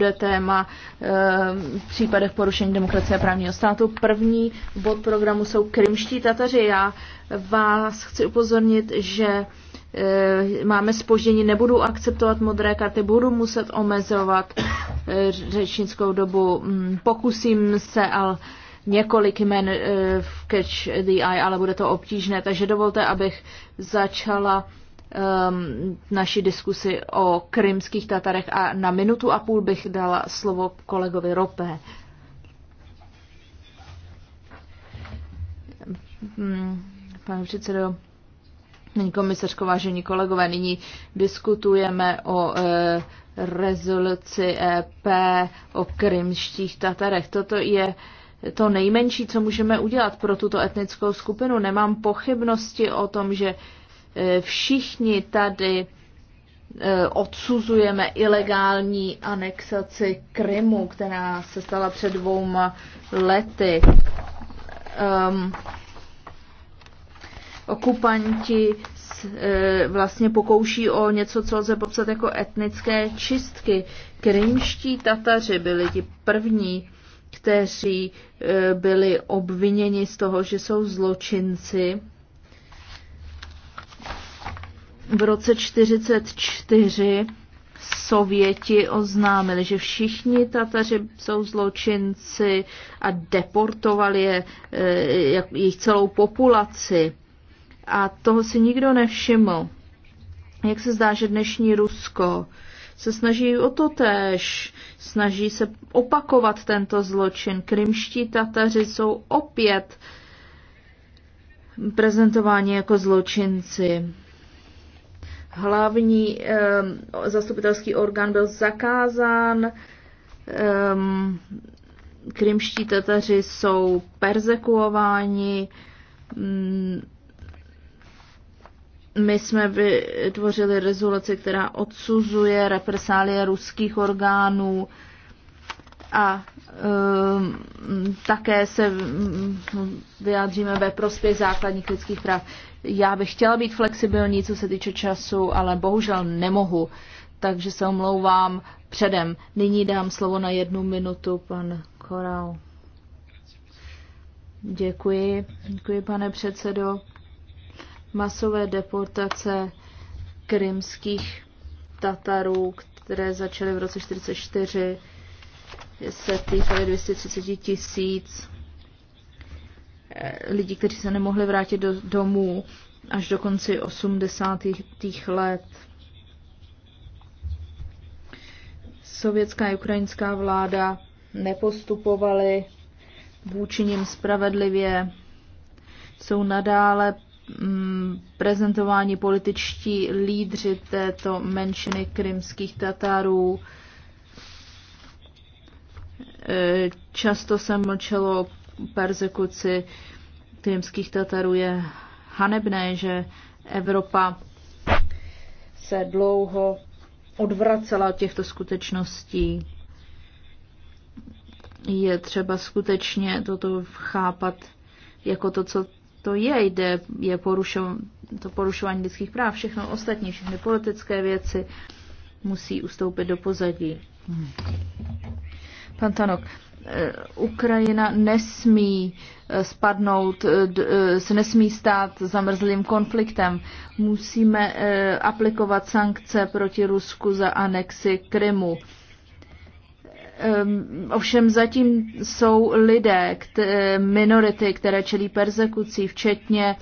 bude téma v eh, případech porušení demokracie a právního státu. První bod programu jsou krymští Tataři. Já vás chci upozornit, že eh, máme spoždění, nebudu akceptovat modré karty, budu muset omezovat eh, řečnickou dobu. Mm, pokusím se, ale několik jmen v Catch the Eye, ale bude to obtížné, takže dovolte, abych začala Um, naší diskusi o krymských Tatarech a na minutu a půl bych dala slovo kolegovi Ropé. Hmm, pane předsedo, paní komisařko, vážení kolegové, nyní diskutujeme o eh, e, rezoluci EP o krymských Tatarech. Toto je to nejmenší, co můžeme udělat pro tuto etnickou skupinu. Nemám pochybnosti o tom, že E, všichni tady e, odsuzujeme ilegální anexaci Krymu, která se stala před dvouma lety. Um, okupanti e, vlastně pokouší o něco, co lze popsat jako etnické čistky. Krymští Tataři byli ti první, kteří byli obviněni z toho, že jsou zločinci v roce 1944 Sověti oznámili, že všichni Tataři jsou zločinci a deportovali je, e, jejich celou populaci. A toho si nikdo nevšiml. Jak se zdá, že dnešní Rusko se snaží o to též, snaží se opakovat tento zločin. Krymští Tataři jsou opět prezentováni jako zločinci Hlavní zastupitelský orgán byl zakázán, krymští tataři jsou persekuováni, mm, my jsme vytvořili rezoluci, která odsuzuje represálie ruských orgánů a um, také se um, vyjádříme ve prospěch základních lidských práv. Já bych chtěla být flexibilní, co se týče času, ale bohužel nemohu, takže se omlouvám předem. Nyní dám slovo na jednu minutu, pan Koral. Děkuji, děkuji pane předsedo. Masové deportace krymských Tatarů, které začaly v roce 1944, se týkaly 230 tisíc Eh, lidí, kteří se nemohli vrátit do domů až do konci 80. let. Sovětská a ukrajinská vláda nepostupovaly vůči nim spravedlivě, jsou nadále mm, prezentováni političtí lídři této menšiny krymských Tatarů. Eh, často se mlčelo persekuci krymských Tatarů je hanebné, že Evropa se dlouho odvracela od těchto skutečností. Je třeba skutečně toto chápat jako to, co to je. Jde je porušo, to porušování lidských práv, všechno ostatní, všechny politické věci musí ustoupit do pozadí. Hmm. Pan Tanok, Eh, Ukrajina nesmí eh, spadnout, eh, se nesmí stát zamrzlým konfliktem. Musíme aplikovat sankce proti Rusku za anexi Krymu. Ehm, ovšem zatím jsou lidé, minority, které čelí persekucí, včetně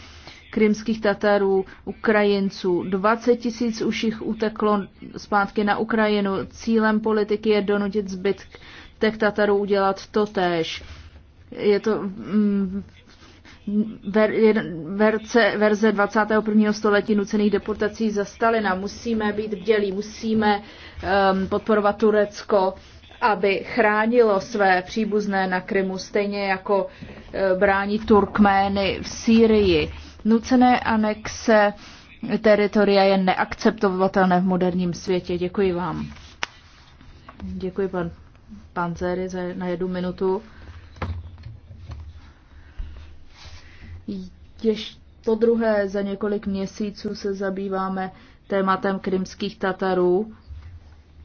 krymských Tatarů, Ukrajinců. 20 tisíc už jich uteklo zpátky na Ukrajinu. Cílem politiky je donutit zbytek tak Tatarů udělat to též. Je to mm, ver, verce, verze 21. století nucených deportací za Stalina. Musíme být bdělí, musíme um, podporovat Turecko, aby chránilo své příbuzné na Krymu, stejně jako uh, brání Turkmény v Sýrii. Nucené anexe teritoria je neakceptovatelné v moderním světě. Děkuji vám. Děkuji, pan Panzery na jednu minutu. Těž po druhé za několik měsíců se zabýváme tématem krymských Tatarů.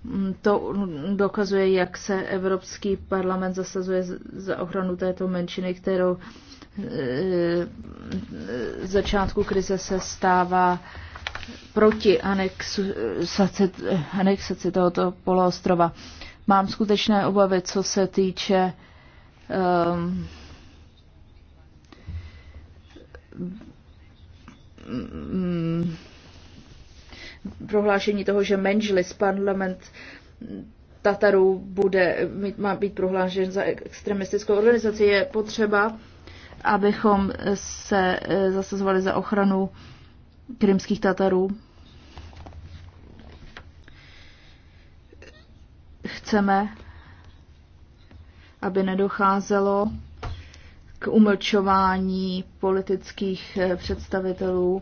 Mm, to dokazuje, jak se Evropský parlament zasazuje za ochranu této menšiny, kterou z e, e, začátku krize se stává proti anexaci, e, anexaci tohoto poloostrova. Mám skutečné obavy, co se týče um, um prohlášení toho, že Menžlis, parlament Tatarů, bude, má být prohlášen za extremistickou organizaci, je potřeba, abychom se eh, zasazovali za ochranu krymských Tatarů. chceme, aby nedocházelo k umlčování politických eh, představitelů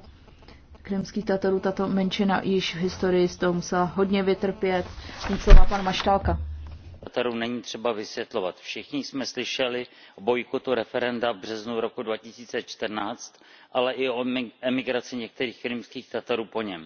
krymských Tatarů. Tato menšina již v historii z toho musela hodně vytrpět. Něco má pan Maštálka. Tatarům není třeba vysvětlovat. Všichni jsme slyšeli o bojkotu referenda v březnu roku 2014, ale i o emigraci některých krymských Tatarů po něm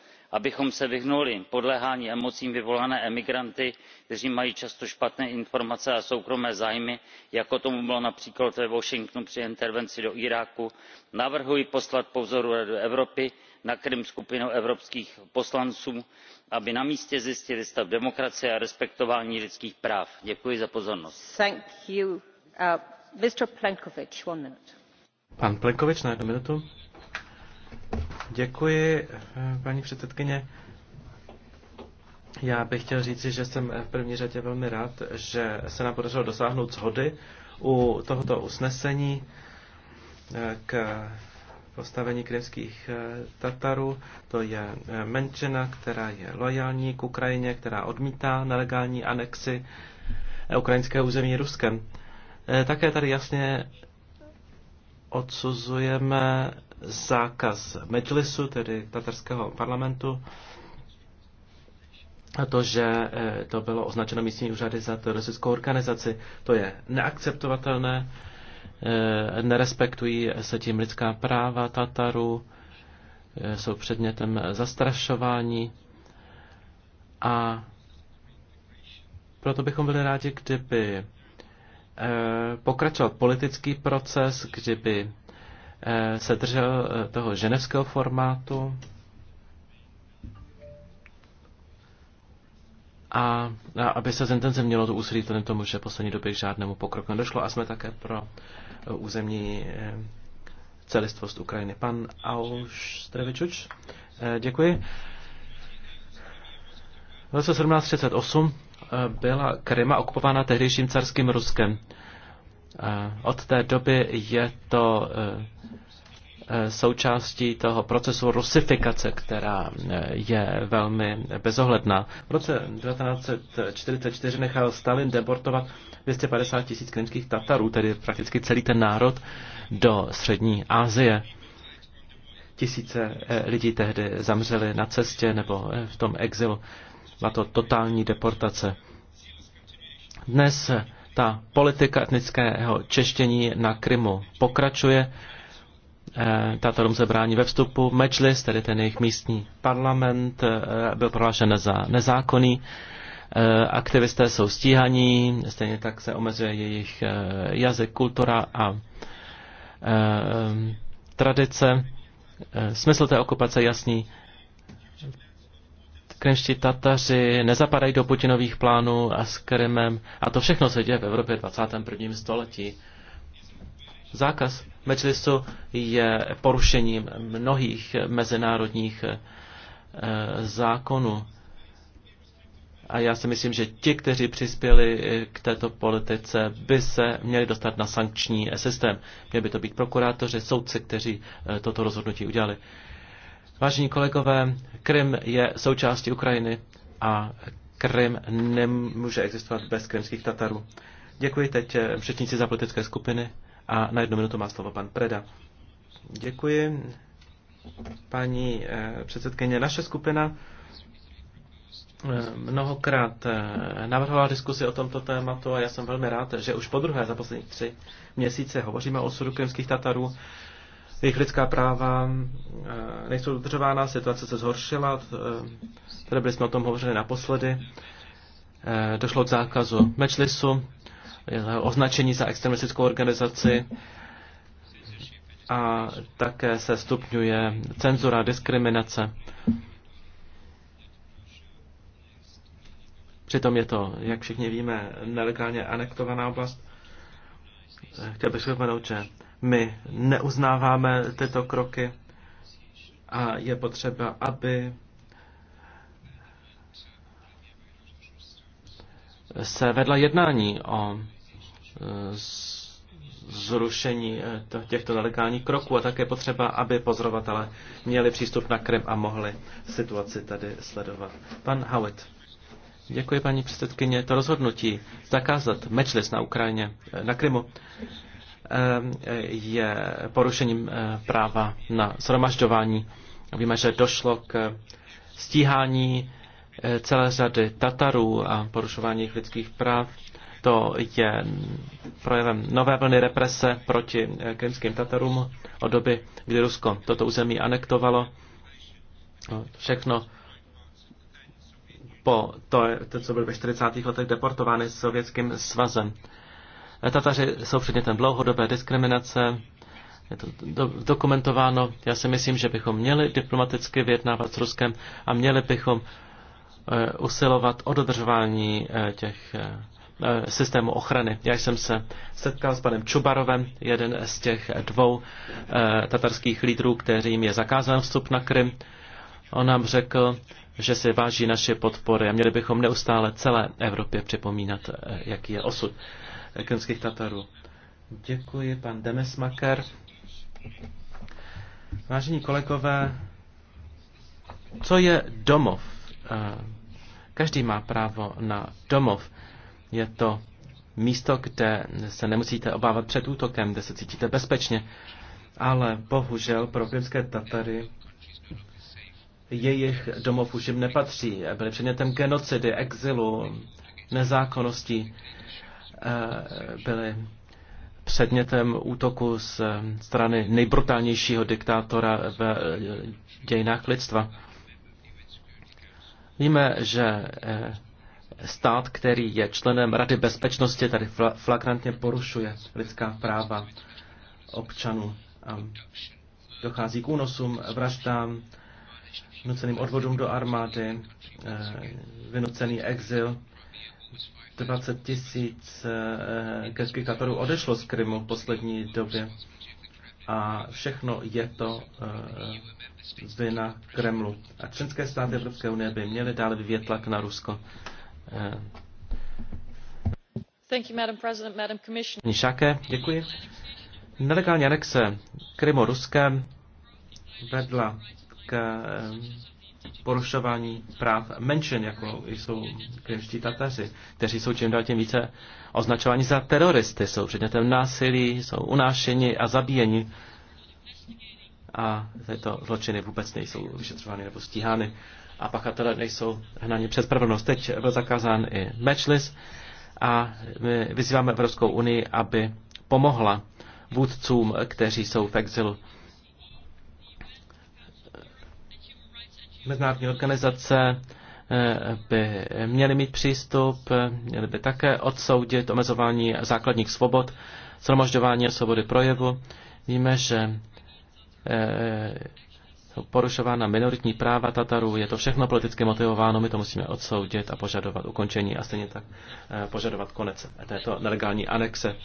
abychom se vyhnuli podléhání emocím vyvolaným emigranty kteří mají často špatné informace a soukromé zájmy jako tomu bylo například ve washingtonu při intervenci do iráku navrhuji poslat po vzoru rady evropy na krym skupinu evropských poslanců aby na místě zjistili stav demokracie a respektování lidských práv. děkuji za pozornost. Uh, Pan Plenkovič jednu minutu. Děkuji, paní předsedkyně. Já bych chtěl říci, že jsem v první řadě velmi rád, že se nám podařilo dosáhnout shody u tohoto usnesení eh, k postavení krymských eh, Tatarů. To je eh, menšina, která je lojální k Ukrajině, která odmítá nelegální anexi ukrajinského území Ruskem. Také tady jasně odsuzujeme zákaz medžlisu, tedy tatarského parlamentu, a to, že eh, to bylo označeno místní úřady za teroristickou organizaci, to je neakceptovatelné, eh, nerespektují se tím lidská práva Tatarů, eh, jsou předmětem zastrašování a proto bychom byli rádi, kdyby pokračoval politický proces, kdyby Eh, se držel eh, toho ženevského formátu a, a aby se zintenzivnilo to úsilí vzhledem tomu, že v poslední době k žádnému pokroku nedošlo a jsme také pro eh, územní celistvost Ukrajiny. Pan Auštrevičuč, děkuji. V roce 1738 byla Krima okupována tehdejším carským Ruskem od té doby je to eh, eh, součástí toho procesu rusifikace, která eh, je velmi bezohledná. V roce 1944 nechal Stalin deportovat 250 tisíc krymských Tatarů, tedy prakticky celý ten národ, do střední Asie. Tisíce lidí tehdy zamřeli na cestě nebo v tom exilu. Byla to totální deportace. Dnes ta politika etnického češtění na Krymu pokračuje. Eh, tato se brání ve vstupu. Mečlis, tedy ten jejich místní parlament, eh, byl prohlášen za nezákonný. Eh, aktivisté jsou stíhaní, stejně tak se omezuje jejich jazyk, kultura a tradice. Smysl té okupace je jasný. Krymští Tataři nezapadají do Putinových plánů a s Krymem. A to všechno se děje v Evropě 21. století. Zákaz mečlisu je porušením mnohých mezinárodních eh, zákonů. A já si myslím, že ti, kteří přispěli eh, k této politice, by se měli dostat na sankční systém. Měli by to být prokurátoři, soudci, kteří eh, toto rozhodnutí udělali. Vážení kolegové, Krym je součástí Ukrajiny a Krym nemůže existovat bez krymských Tatarů. Děkuji teď eh, řečníci za politické skupiny a na jednu minutu má slovo pan Preda. Děkuji. Paní eh, předsedkyně, naše skupina eh, mnohokrát navrhovala diskusi o tomto tématu a já jsem velmi rád, že už po druhé za poslední tři měsíce hovoříme o osudu krymských Tatarů. Jejich lidská práva eh, nejsou dodržována, situace se zhoršila, eh, tady byli jsme o tom hovořili naposledy. Eh, došlo k zákazu Mečlisu, označení za extremistickou organizaci a také se stupňuje cenzura, diskriminace. Přitom je to, jak všichni víme, nelegálně anektovaná oblast. Chtěl bych připomenout, že my neuznáváme tyto kroky a je potřeba, aby se vedla jednání o e, zrušení e, těchto nelegálních kroků a také potřeba, aby pozorovatele měli přístup na Krym a mohli situaci tady sledovat. Pan Howitt. Děkuji, paní předsedkyně. To rozhodnutí zakázat mečlis na Ukrajině, e, na Krymu, je porušením eh, práva na shromažďování. Víme, že došlo k stíhání eh, celé řady Tatarů a porušování jejich lidských práv. To je projevem nové vlny represe proti eh, krymským Tatarům od doby, kdy Rusko toto území anektovalo. No, všechno po to, to co byly ve 40. letech deportovány sovětským svazem. Tataři jsou předmětem dlouhodobé diskriminace, je to dokumentováno. Já si myslím, že bychom měli diplomaticky vyjednávat s Ruskem a měli bychom eh, usilovat o dodržování eh, těch eh, systému ochrany. Já jsem se setkal s panem Čubarovem, jeden z těch dvou tatarských lídrů, kterým je zakázán vstup na Krym. On nám řekl, že si váží naše podpory a měli bychom neustále celé Evropě připomínat, jaký je osud krymských Tatarů. Děkuji, pan Demesmaker. Vážení kolegové, co je domov? Eh, každý má právo na domov. Je to místo, kde se nemusíte obávat před útokem, kde se cítíte bezpečně. Ale bohužel pro krymské Tatary jejich domov už jim nepatří. Byly předmětem genocidy, exilu, nezákonností. Eh, byly předmětem útoku z strany nejbrutálnějšího diktátora v dějinách lidstva. Víme, že eh, stát, který je členem Rady bezpečnosti, tady flagrantně porušuje lidská práva občanů. A dochází k únosům, vraždám, nuceným odvodům do armády, eh, vynucený exil 20 tisíc eh, kečkikátorů odešlo z Krymu v poslední době. A všechno je to eh, vina Kremlu. A členské státy Evropské unie by měly dále vyvíjet tlak na Rusko. Eh. Paní Šáke, děkuji. Nelegální anexe Krymu Ruskem vedla k porušování práv menšin, jako jsou krymští Tataři, kteří jsou čím dál tím více označováni za teroristy, jsou předmětem násilí, jsou unášeni a zabíjeni a tyto zločiny vůbec nejsou vyšetřovány nebo stíhány a pachatele nejsou hnaní přes spravedlnost. Teď byl zakázán i matchlist a my vyzýváme Evropskou unii, aby pomohla vůdcům, kteří jsou v exilu. mezinárodní organizace eh, by měly mít přístup, měly by také odsoudit omezování základních svobod, shromažďování svobody projevu. Víme, že eh, porušována minoritní práva Tatarů, je to všechno politicky motivováno, my to musíme odsoudit a požadovat ukončení a stejně tak eh, požadovat konec této nelegální anexe.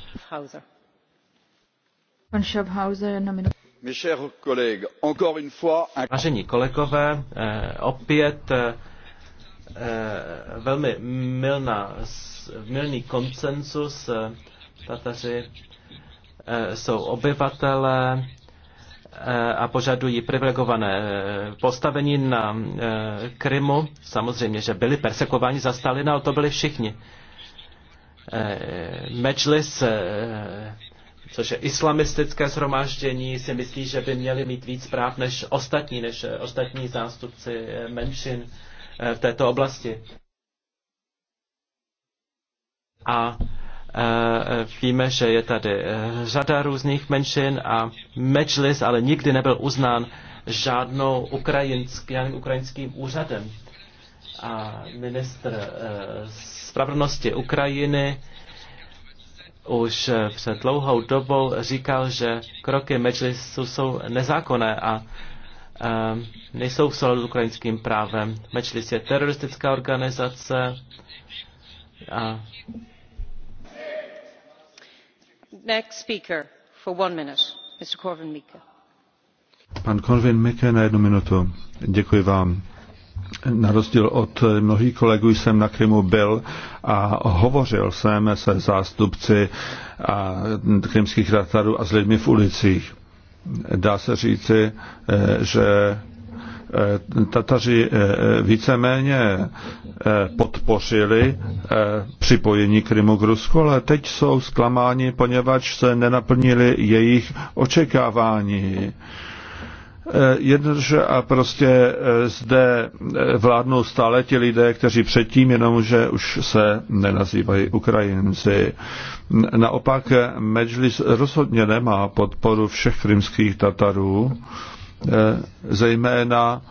Pan Schaffhauser, jedna minuta. Vážení kolegové, eh, opět eh, eh, velmi milná, milný koncensus. Tataři jsou obyvatelé a požadují privilegované postavení na Krymu. Samozřejmě, že byli persekováni za Stalina, no, ale to byli všichni. Mečlis což je islamistické shromáždění, si myslí, že by měli mít víc práv než ostatní, než eh, ostatní zástupci eh, menšin eh, v této oblasti. A víme, že je tady řada různých menšin a Mečlis ale nikdy nebyl uznán žádnou ukrajinský, žádným ukrajinským úřadem. A ministr spravedlnosti Ukrajiny už před dlouhou dobou říkal, že kroky Medžlisu jsou nezákonné a ehm, nejsou v souladu s ukrajinským právem. Mečlis je teroristická organizace a Next speaker for one minute, Mr. Corvin Mika. Pan Corvin Mika na jednu minutu. Děkuji vám na rozdíl od mnohých kolegů jsem na Krymu byl a hovořil jsem se zástupci a krymských ratarů a s lidmi v ulicích. Dá se říci, e, že e, Tataři e, víceméně podpořili připojení Krymu k Rusku, ale teď jsou zklamáni, poněvadž se nenaplnili jejich očekávání. Eh, jednoduše a prostě eh, zde eh, vládnou stále ti lidé, kteří předtím jenom, že už se nenazývají Ukrajinci. Naopak Medžlis rozhodně nemá podporu všech krymských Tatarů, zejména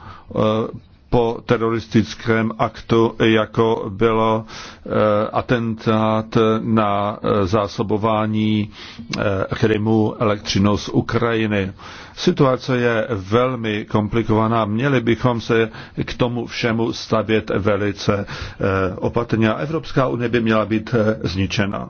po teroristickém aktu, jako bylo eh, atentát na eh, zásobování eh, Krymu elektřinou z Ukrajiny. Situace je velmi komplikovaná. Měli bychom se k tomu všemu stavět velice opatrně. Evropská unie by měla být zničena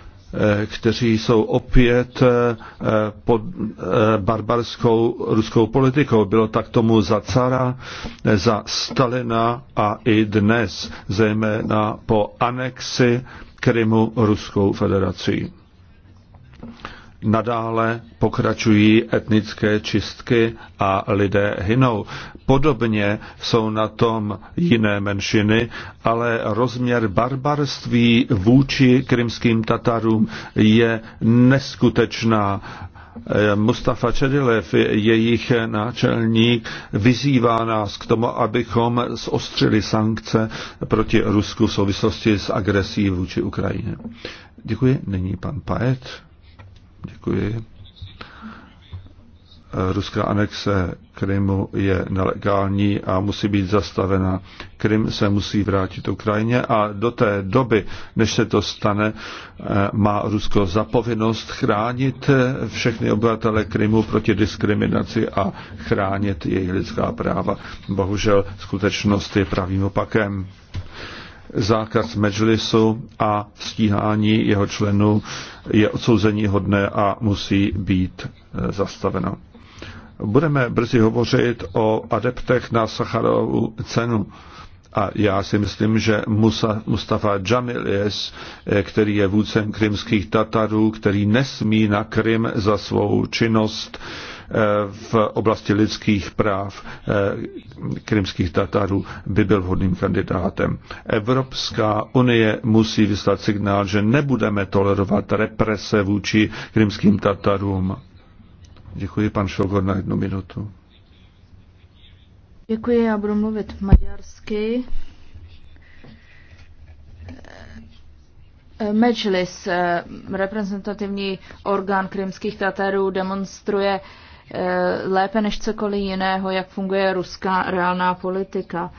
Eh, kteří jsou opět eh, pod eh, barbarskou ruskou politikou. Bylo tak tomu za cara, za Stalina a i dnes, zejména po anexi Krymu Ruskou federací nadále pokračují etnické čistky a lidé hynou. Podobně jsou na tom jiné menšiny, ale rozměr barbarství vůči krymským Tatarům je neskutečná. Eh, Mustafa Čedilev, jejich náčelník, vyzývá nás k tomu, abychom zostřili sankce proti Rusku v souvislosti s agresí vůči Ukrajině. Děkuji. Nyní pan Paet. Děkuji. Ruská anexe Krymu je nelegální a musí být zastavena. Krym se musí vrátit Ukrajině a do té doby, než se to stane, má Rusko zapovinnost chránit všechny obyvatele Krymu proti diskriminaci a chránit jejich lidská práva. Bohužel skutečnost je pravým opakem zákaz medžlisu a stíhání jeho členů je odsouzení hodné a musí být e, zastaveno. Budeme brzy hovořit o adeptech na Sacharovu cenu. A já si myslím, že Musa, Mustafa Džamilis, e, který je vůdcem krymských Tatarů, který nesmí na Krym za svou činnost v oblasti lidských práv eh, krymských Tatarů by byl vhodným kandidátem. Evropská unie musí vyslat signál, že nebudeme tolerovat represe vůči krymským Tatarům. Děkuji, pan Šogor, na jednu minutu. Děkuji, já budu mluvit maďarsky. Medžlis, eh, reprezentativní orgán krymských Tatarů, demonstruje Eh, lépe než cokoliv jiného, jak funguje ruská reálná politika.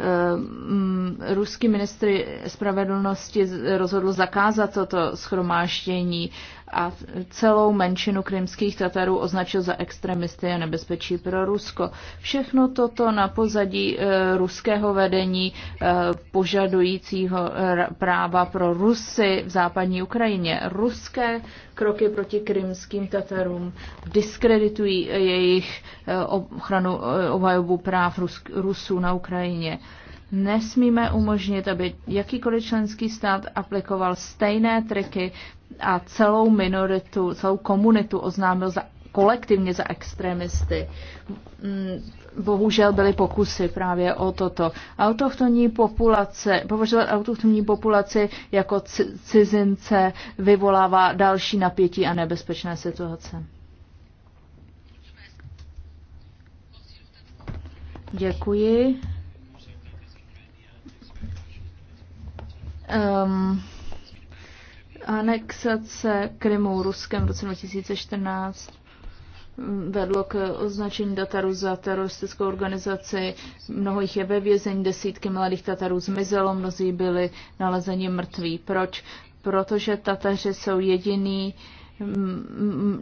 Eh, mm, ruský ministr spravedlnosti rozhodl zakázat toto schromáždění a celou menšinu krymských Tatarů označil za extremisty a nebezpečí pro Rusko. Všechno toto na pozadí e, ruského vedení e, požadujícího eh, práva pro Rusy v západní Ukrajině. Ruské kroky proti krymským Tatarům diskreditují jejich e, ochranu e, obhajobu práv Rus, Rusů na Ukrajině. E, Nesmíme umožnit, aby jakýkoliv členský stát aplikoval stejné triky a celou minoritu, celou komunitu oznámil za, kolektivně za extremisty. Mm, bohužel byly pokusy právě o toto. Autochtonní populace, považovat autochtonní populaci jako cizince vyvolává další napětí a nebezpečné situace. Děkuji. um, anexace Krymu Ruskem v roce 2014 vedlo k označení Tataru za teroristickou organizaci. Mnoho jich je ve vězení, desítky mladých Tatarů zmizelo, mnozí byli nalezeni mrtví. Proč? Protože Tataři jsou jediný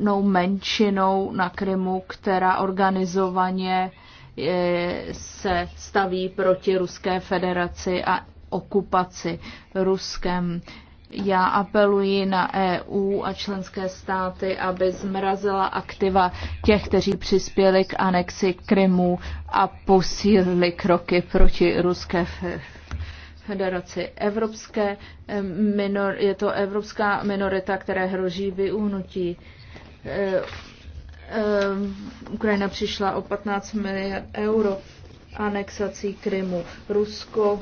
mnou menšinou na Krymu, která organizovaně eh, se staví proti Ruské federaci a okupaci Ruskem. Já apeluji na EU a členské státy, aby zmrazila aktiva těch, kteří přispěli k anexi Krymu a posílili kroky proti ruské federaci. Evropské minor, je to evropská minorita, které hroží vyuhnutí. E, e, Ukrajina přišla o 15 miliard euro anexací Krymu. Rusko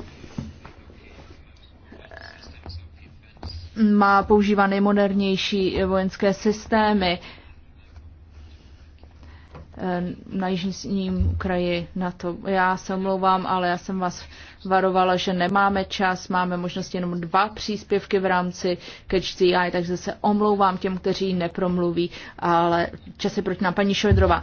má používá nejmodernější vojenské systémy eh, na jižním kraji na to. Já se omlouvám, ale já jsem vás varovala, že nemáme čas, máme možnost jenom dva příspěvky v rámci Catch the Eye, takže se omlouvám těm, kteří nepromluví, ale čas je proti nám. Paní Šojdrová,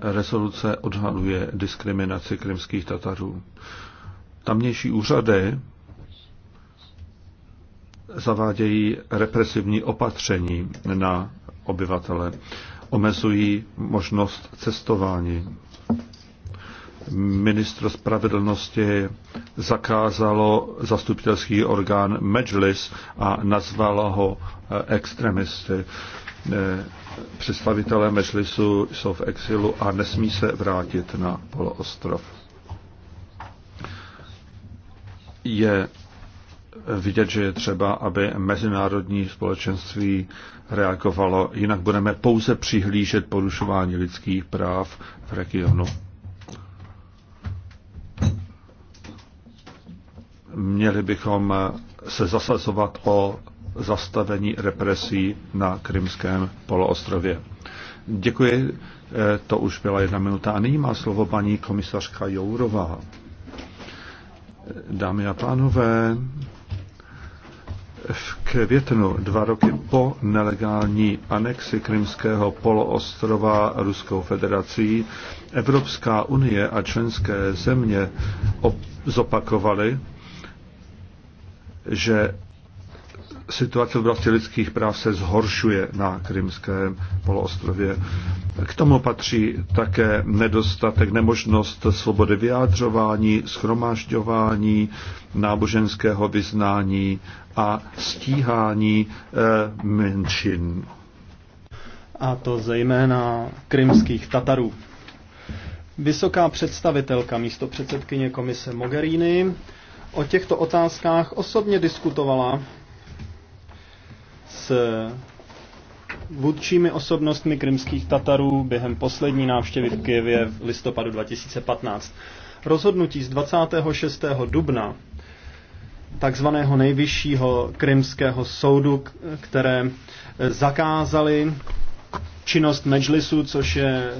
rezoluce odhaluje diskriminaci krymských Tatarů. Tamnější úřady zavádějí represivní opatření na obyvatele, omezují možnost cestování ministr spravedlnosti zakázalo zastupitelský orgán Medžlis a nazvalo ho eh, extremisty. Eh, představitelé Medžlisu jsou v exilu a nesmí se vrátit na poloostrov. Je vidět, že je třeba, aby mezinárodní společenství reagovalo, jinak budeme pouze přihlížet porušování lidských práv v regionu. Měli bychom se zasazovat o zastavení represí na Krymském poloostrově. Děkuji, eh, to už byla jedna minuta. A nyní má slovo paní komisařka Jourová. Eh, dámy a pánové, v květnu dva roky po nelegální anexi Krymského poloostrova Ruskou federací Evropská unie a členské země zopakovaly, že situace v oblasti lidských práv se zhoršuje na Krymském poloostrově. K tomu patří také nedostatek, nemožnost svobody vyjádřování, schromážďování náboženského vyznání a stíhání eh, menšin. A to zejména krymských Tatarů. Vysoká představitelka místo předsedkyně komise Mogherini o těchto otázkách osobně diskutovala s vůdčími osobnostmi krymských Tatarů během poslední návštěvy v Kyjevě v listopadu 2015. Rozhodnutí z 26. dubna takzvaného nejvyššího krymského soudu, které zakázali činnost Medžlisu, což je e,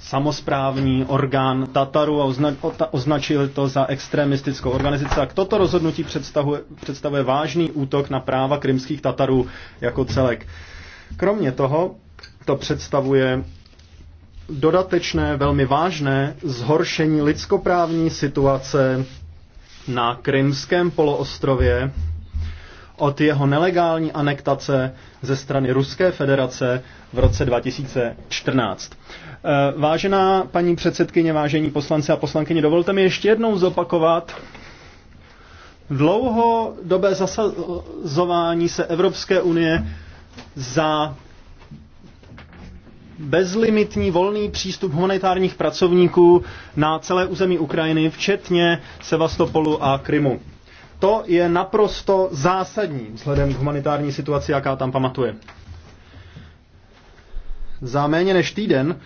samozprávní orgán Tataru a ozna, označil to za extremistickou organizaci. Tak toto rozhodnutí představuje, představuje vážný útok na práva krymských Tatarů jako celek. Kromě toho to představuje dodatečné, velmi vážné zhoršení lidskoprávní situace na Krymském poloostrově od jeho nelegální anektace ze strany Ruské federace v roce 2014. Eh, vážená paní předsedkyně, vážení poslanci a poslankyně, dovolte mi ještě jednou zopakovat, dlouhodobé zasazování se Evropské unie za bezlimitní volný přístup humanitárních pracovníků na celé území Ukrajiny, včetně Sevastopolu a Krymu. To je naprosto zásadní vzhledem k humanitární situaci, jaká tam pamatuje. Za méně než týden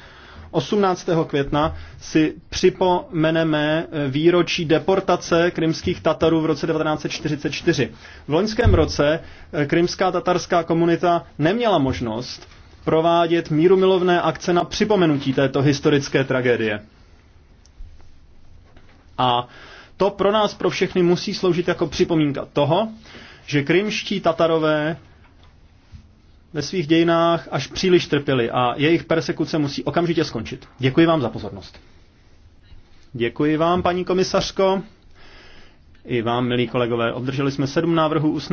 18. května si připomeneme výročí deportace krymských Tatarů v roce 1944. V loňském roce eh, krymská tatarská komunita neměla možnost provádět mírumilovné akce na připomenutí této historické tragédie. A to pro nás, pro všechny, musí sloužit jako připomínka toho, že krymští Tatarové ve svých dějinách až příliš trpěli a jejich persekuce musí okamžitě skončit. Děkuji vám za pozornost. Děkuji vám, paní komisařko. I vám, milí kolegové, obdrželi jsme sedm návrhů usnesení.